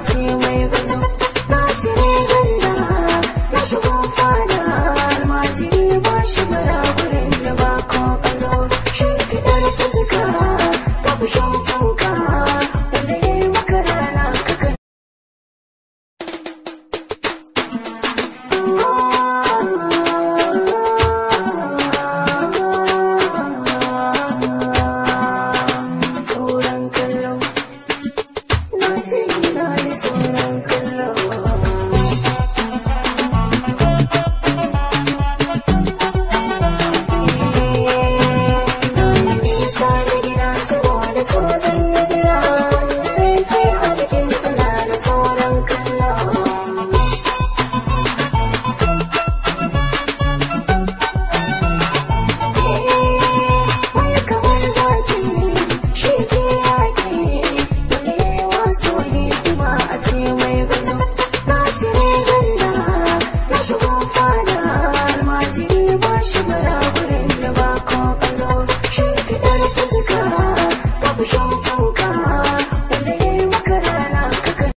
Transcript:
watching sauran kallo Nisa da gida saboda so zan mai gazo na cire ganda na shigo fada almajiri ba shi bara gurin da ba ko kallo shi fidar ta jika ta fi shan